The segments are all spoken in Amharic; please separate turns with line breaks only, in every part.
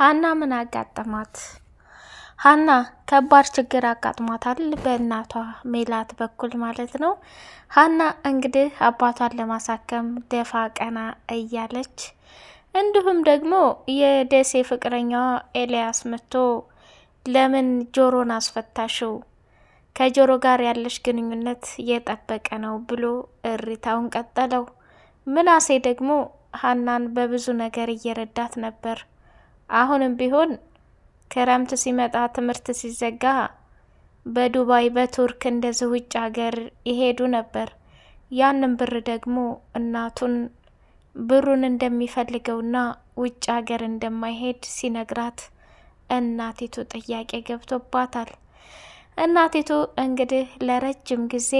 ሀና ምን አጋጠማት? ሀና ከባድ ችግር አጋጥሟታል፣ በእናቷ ሜላት በኩል ማለት ነው። ሀና እንግዲህ አባቷን ለማሳከም ደፋ ቀና እያለች እንዲሁም ደግሞ የደሴ ፍቅረኛዋ ኤልያስ መጥቶ ለምን ጆሮን አስፈታሽው ከጆሮ ጋር ያለሽ ግንኙነት የጠበቀ ነው ብሎ እሪታውን ቀጠለው። ምናሴ ደግሞ ሀናን በብዙ ነገር እየረዳት ነበር። አሁንም ቢሆን ክረምት ሲመጣ ትምህርት ሲዘጋ በዱባይ በቱርክ እንደዚህ ውጭ ሀገር ይሄዱ ነበር። ያንን ብር ደግሞ እናቱን ብሩን እንደሚፈልገውና ውጭ ሀገር እንደማይሄድ ሲነግራት እናቲቱ ጥያቄ ገብቶባታል። እናቲቱ እንግዲህ ለረጅም ጊዜ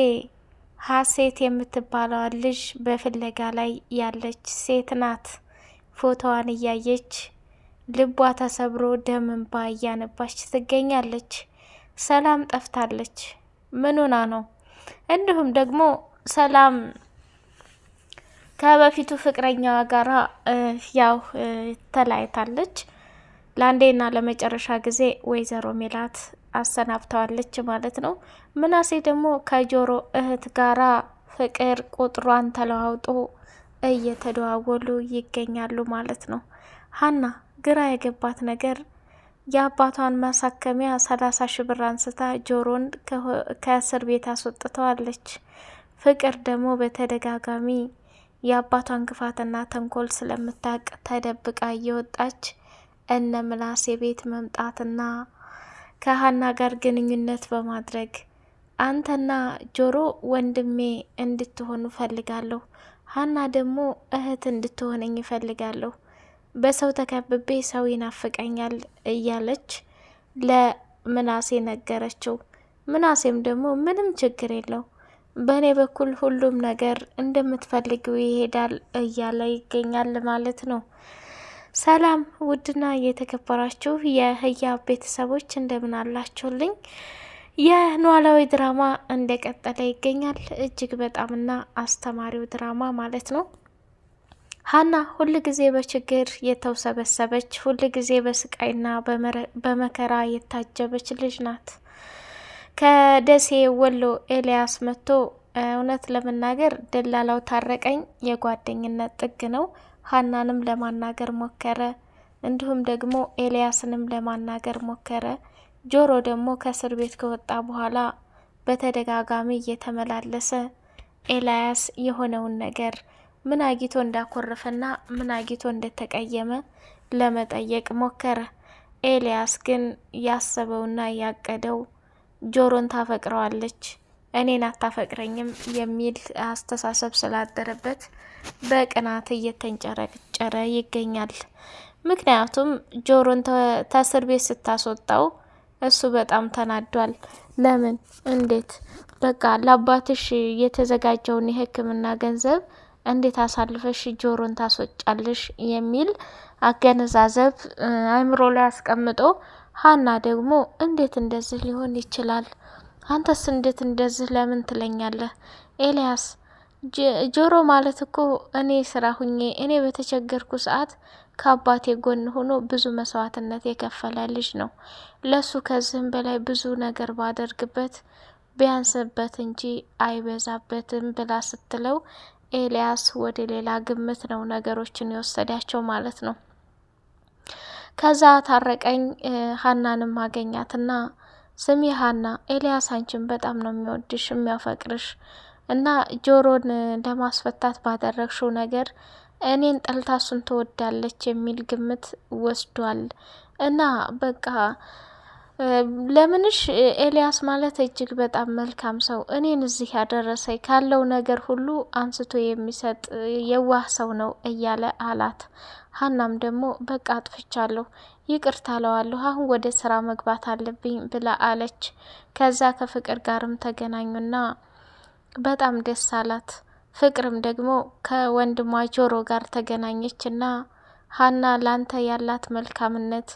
ሀሴት የምትባለዋን ልጅ በፍለጋ ላይ ያለች ሴት ናት። ፎቶዋን እያየች ልቧ ተሰብሮ ደም እንባ እያነባች ትገኛለች። ሰላም ጠፍታለች። ምኑና ነው? እንዲሁም ደግሞ ሰላም ከበፊቱ ፍቅረኛዋ ጋራ ያው ተለያይታለች። ለአንዴና ለመጨረሻ ጊዜ ወይዘሮ ሜላት አሰናብተዋለች ማለት ነው። ምናሴ ደግሞ ከጆሮ እህት ጋራ ፍቅር ቁጥሯን ተለዋውጦ እየተደዋወሉ ይገኛሉ ማለት ነው ሀና ግራ የገባት ነገር የአባቷን ማሳከሚያ ሰላሳ ሺ ብር አንስታ ጆሮን ከእስር ቤት አስወጥተዋለች። ፍቅር ደግሞ በተደጋጋሚ የአባቷን ክፋትና ተንኮል ስለምታቅ ተደብቃ እየወጣች እነ ምናሴ ቤት መምጣትና ከሀና ጋር ግንኙነት በማድረግ አንተና ጆሮ ወንድሜ እንድትሆኑ ፈልጋለሁ፣ ሀና ደግሞ እህት እንድትሆነኝ ፈልጋለሁ። በሰው ተከብቤ ሰው ይናፍቀኛል እያለች ለምናሴ ነገረችው። ምናሴም ደግሞ ምንም ችግር የለው በእኔ በኩል ሁሉም ነገር እንደምትፈልግው ይሄዳል እያለ ይገኛል ማለት ነው። ሰላም ውድና የተከበራችሁ የህያ ቤተሰቦች እንደምን አላችሁልኝ? የኖላዊ ድራማ እንደቀጠለ ይገኛል። እጅግ በጣምና አስተማሪው ድራማ ማለት ነው። ሀና ሁል ጊዜ በችግር የተውሰበሰበች ሁል ጊዜ በስቃይና በመከራ የታጀበች ልጅ ናት። ከደሴ ወሎ ኤልያስ መጥቶ እውነት ለመናገር ደላላው ታረቀኝ የጓደኝነት ጥግ ነው። ሀናንም ለማናገር ሞከረ፣ እንዲሁም ደግሞ ኤልያስንም ለማናገር ሞከረ። ጆሮ ደግሞ ከእስር ቤት ከወጣ በኋላ በተደጋጋሚ እየተመላለሰ ኤልያስ የሆነውን ነገር ምን አጊቶ እንዳኮረፈና ምን አጊቶ እንደተቀየመ ለመጠየቅ ሞከረ። ኤልያስ ግን ያሰበውና ያቀደው ጆሮን ታፈቅረዋለች እኔን አታፈቅረኝም የሚል አስተሳሰብ ስላደረበት በቅናት እየተንጨረጨረ ይገኛል። ምክንያቱም ጆሮን ተስር ቤት ስታስወጣው እሱ በጣም ተናዷል። ለምን? እንዴት? በቃ ለአባትሽ የተዘጋጀውን የሕክምና ገንዘብ እንዴት አሳልፈሽ ጆሮን ታስወጫለሽ የሚል አገነዛዘብ አእምሮ ላይ አስቀምጦ፣ ሀና ደግሞ እንዴት እንደዚህ ሊሆን ይችላል? አንተስ እንዴት እንደዚህ ለምን ትለኛለህ? ኤልያስ ጆሮ ማለት እኮ እኔ ስራ ሁኜ እኔ በተቸገርኩ ሰዓት ከአባቴ ጎን ሆኖ ብዙ መስዋዕትነት የከፈለ ልጅ ነው። ለሱ ከዚህም በላይ ብዙ ነገር ባደርግበት ቢያንስበት እንጂ አይበዛበትም ብላ ስትለው ኤልያስ ወደ ሌላ ግምት ነው ነገሮችን የወሰዳቸው ማለት ነው። ከዛ ታረቀኝ ሀናንም አገኛትና ስሚ ሀና፣ ኤልያስ አንቺን በጣም ነው የሚወድሽ የሚያፈቅርሽ እና ጆሮን ለማስፈታት ባደረግሽው ነገር እኔን ጠልታ እሱን ትወዳለች የሚል ግምት ወስዷል እና በቃ ለምንሽ ኤልያስ ማለት እጅግ በጣም መልካም ሰው እኔን እዚህ ያደረሰኝ ካለው ነገር ሁሉ አንስቶ የሚሰጥ የዋህ ሰው ነው እያለ አላት። ሀናም ደግሞ በቃ አጥፍቻለሁ፣ ይቅርታ ለዋለሁ፣ አሁን ወደ ስራ መግባት አለብኝ ብላ አለች። ከዛ ከፍቅር ጋርም ተገናኙና በጣም ደስ አላት። ፍቅርም ደግሞ ከወንድሟ ጆሮ ጋር ተገናኘችና ሀና ላንተ ያላት መልካምነት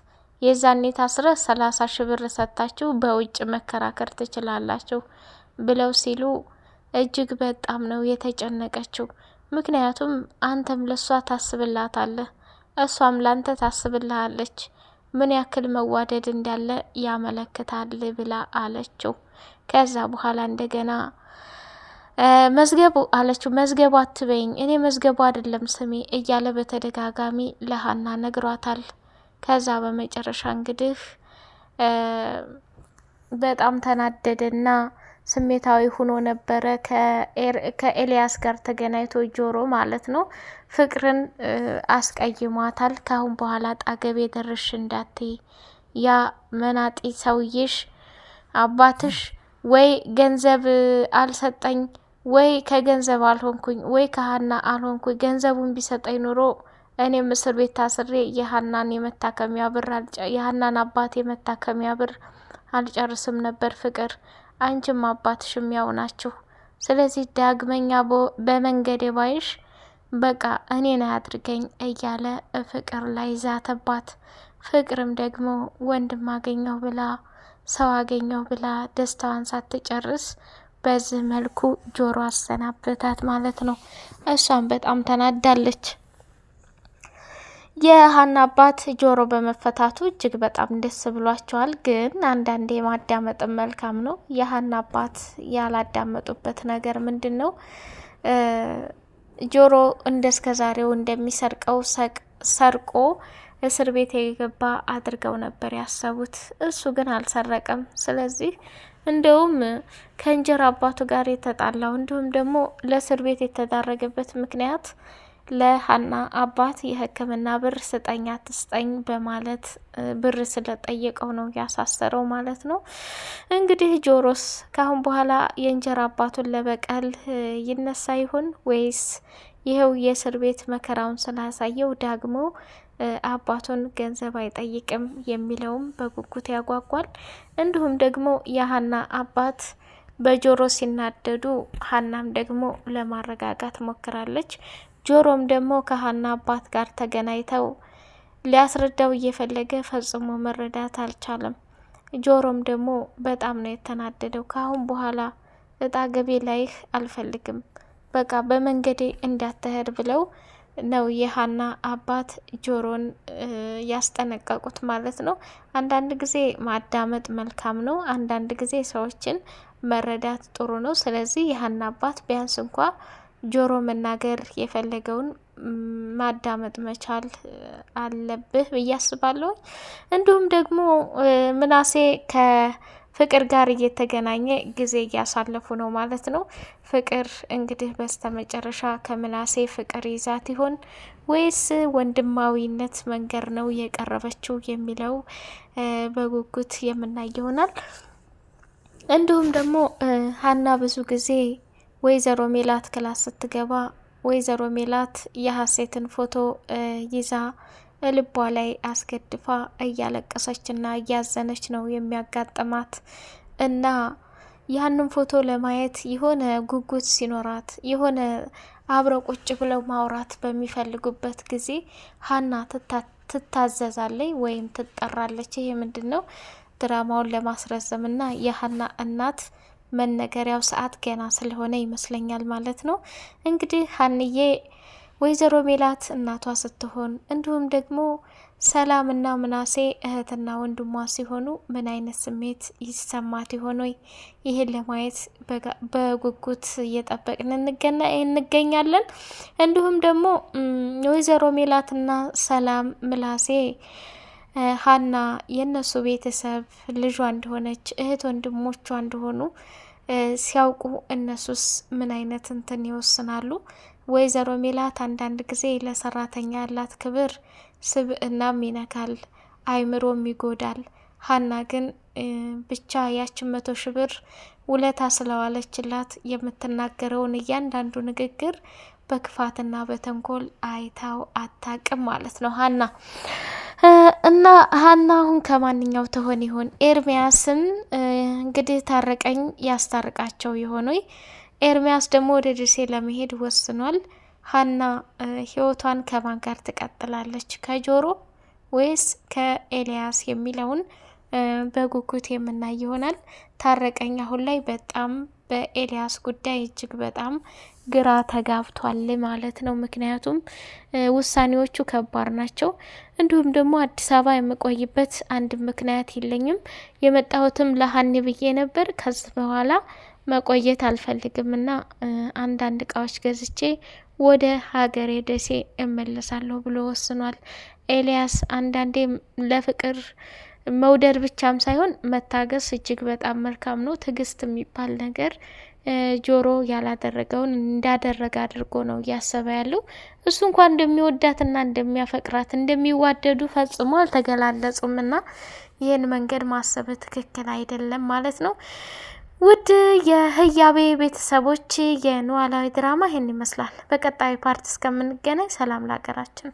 የዛኔ ታስረ ሰላሳ ሺህ ብር ሰጥታችሁ በውጭ መከራከር ትችላላችሁ ብለው ሲሉ እጅግ በጣም ነው የተጨነቀችው። ምክንያቱም አንተም ለእሷ ታስብላታለህ፣ እሷም ላንተ ታስብልሃለች። ምን ያክል መዋደድ እንዳለ ያመለክታል ብላ አለችው። ከዛ በኋላ እንደገና መዝገቡ አለችው። መዝገቡ አትበይኝ፣ እኔ መዝገቡ አይደለም ስሜ እያለ በተደጋጋሚ ለሀና ነግሯታል። ከዛ በመጨረሻ እንግዲህ በጣም ተናደደና ስሜታዊ ሆኖ ነበረ ከኤልያስ ጋር ተገናኝቶ ጆሮ ማለት ነው። ፍቅርን አስቀይሟታል። ካሁን በኋላ ጣገብ የደርሽ እንዳትይ፣ ያ መናጢ ሰውዬሽ አባትሽ ወይ ገንዘብ አልሰጠኝ ወይ ከገንዘብ አልሆንኩኝ ወይ ከሀና አልሆንኩኝ። ገንዘቡን ቢሰጠኝ ኑሮ እኔም እስር ቤት ታስሬ የሀናን የመታከሚያ ብር የሀናን አባት የመታከሚያ ብር አልጨርስም ነበር ፍቅር፣ አንቺም አባትሽም ያው ናችሁ። ስለዚህ ዳግመኛ በመንገዴ ባይሽ በቃ እኔን አያድርገኝ እያለ ፍቅር ላይ ዛተባት። ፍቅርም ደግሞ ወንድም አገኘሁ ብላ ሰው አገኘሁ ብላ ደስታዋን ሳትጨርስ በዚህ መልኩ ጆሮ አሰናበታት ማለት ነው። እሷም በጣም ተናዳለች። የሀና አባት ጆሮ በመፈታቱ እጅግ በጣም ደስ ብሏቸዋል። ግን አንዳንዴ ማዳመጥን መልካም ነው። የሀና አባት ያላዳመጡበት ነገር ምንድን ነው? ጆሮ እንደ እስከ ዛሬው እንደሚሰርቀው ሰርቆ እስር ቤት የገባ አድርገው ነበር ያሰቡት። እሱ ግን አልሰረቀም። ስለዚህ እንደውም ከእንጀራ አባቱ ጋር የተጣላው እንዲሁም ደግሞ ለእስር ቤት የተዳረገበት ምክንያት ለሀና አባት የህክምና ብር ስጠኛ ትስጠኝ በማለት ብር ስለጠየቀው ነው ያሳሰረው ማለት ነው። እንግዲህ ጆሮስ ካሁን በኋላ የእንጀራ አባቱን ለበቀል ይነሳ ይሆን ወይስ ይኸው የእስር ቤት መከራውን ስላሳየው ዳግሞ አባቱን ገንዘብ አይጠይቅም የሚለውም በጉጉት ያጓጓል። እንዲሁም ደግሞ የሀና አባት በጆሮ ሲናደዱ ሀናም ደግሞ ለማረጋጋት ሞክራለች። ጆሮም ደግሞ ከሀና አባት ጋር ተገናኝተው ሊያስረዳው እየፈለገ ፈጽሞ መረዳት አልቻለም። ጆሮም ደግሞ በጣም ነው የተናደደው። ከአሁን በኋላ እጣ ገቤ ላይህ አልፈልግም፣ በቃ በመንገዴ እንዳትሄድ ብለው ነው የሀና አባት ጆሮን ያስጠነቀቁት ማለት ነው። አንዳንድ ጊዜ ማዳመጥ መልካም ነው፣ አንዳንድ ጊዜ ሰዎችን መረዳት ጥሩ ነው። ስለዚህ የሀና አባት ቢያንስ እንኳ ጆሮ መናገር የፈለገውን ማዳመጥ መቻል አለብህ ብዬ አስባለሁ። እንዲሁም ደግሞ ምናሴ ከፍቅር ጋር እየተገናኘ ጊዜ እያሳለፉ ነው ማለት ነው። ፍቅር እንግዲህ በስተመጨረሻ ከምናሴ ፍቅር ይዛት ይሆን ወይስ ወንድማዊነት መንገድ ነው የቀረበችው የሚለው በጉጉት የምናይ ይሆናል። እንዲሁም ደግሞ ሀና ብዙ ጊዜ ወይዘሮ ሜላት ክላስ ስትገባ ወይዘሮ ሜላት የሀሴትን ፎቶ ይዛ ልቧ ላይ አስገድፋ እያለቀሰችና እያዘነች ነው የሚያጋጥማት እና ያንን ፎቶ ለማየት የሆነ ጉጉት ሲኖራት የሆነ አብረው ቁጭ ብለው ማውራት በሚፈልጉበት ጊዜ ሀና ትታዘዛለች ወይም ትጠራለች። ይሄ ምንድን ነው? ድራማውን ለማስረዘምና የሀና እናት መነገሪያው ሰዓት ገና ስለሆነ ይመስለኛል ማለት ነው። እንግዲህ ሀንዬ ወይዘሮ ሜላት እናቷ ስትሆን እንዲሁም ደግሞ ሰላምና ምናሴ እህትና ወንድሟ ሲሆኑ ምን አይነት ስሜት ይሰማት ይሆን? ይህን ለማየት በጉጉት እየጠበቅን እንገኛለን። እንዲሁም ደግሞ ወይዘሮ ሜላትና ሰላም ምናሴ ሀና የእነሱ ቤተሰብ ልጇ እንደሆነች እህት ወንድሞቿ እንደሆኑ ሲያውቁ እነሱስ ምን አይነት እንትን ይወስናሉ? ወይዘሮ ሜላት አንዳንድ ጊዜ ለሰራተኛ ያላት ክብር ስብዕናም ይነካል፣ አይምሮም ይጎዳል። ሀና ግን ብቻ ያችን መቶ ሺ ብር ውለታ ስለዋለችላት የምትናገረውን እያንዳንዱ ንግግር በክፋትና በተንኮል አይታው አታቅም ማለት ነው ሀና እና ሀና አሁን ከማንኛው ተሆን ይሆን? ኤርሚያስን እንግዲህ ታረቀኝ ያስታርቃቸው የሆኑ ኤርሚያስ ደግሞ ወደ ደሴ ለመሄድ ወስኗል። ሀና ህይወቷን ከማን ጋር ትቀጥላለች? ከጆሮ ወይስ ከኤልያስ የሚለውን በጉጉት የምናይ ይሆናል። ታረቀኝ አሁን ላይ በጣም በኤልያስ ጉዳይ እጅግ በጣም ግራ ተጋብቷል ማለት ነው። ምክንያቱም ውሳኔዎቹ ከባድ ናቸው። እንዲሁም ደግሞ አዲስ አበባ የምቆይበት አንድ ምክንያት የለኝም። የመጣሁትም ለሀኒ ብዬ ነበር። ከዚህ በኋላ መቆየት አልፈልግም እና አንዳንድ እቃዎች ገዝቼ ወደ ሀገሬ ደሴ እመለሳለሁ ብሎ ወስኗል። ኤልያስ አንዳንዴ ለፍቅር መውደድ ብቻም ሳይሆን መታገስ እጅግ በጣም መልካም ነው። ትዕግስት የሚባል ነገር ጆሮ ያላደረገውን እንዳደረገ አድርጎ ነው እያሰበ ያለው። እሱ እንኳን እንደሚወዳትና እንደሚያፈቅራት እንደሚዋደዱ ፈጽሞ አልተገላለጹም እና ይህን መንገድ ማሰብ ትክክል አይደለም ማለት ነው። ውድ የህያቤ ቤተሰቦች የኖላዊ ድራማ ይህን ይመስላል። በቀጣዩ ፓርት እስከምንገናኝ ሰላም ለሀገራችን።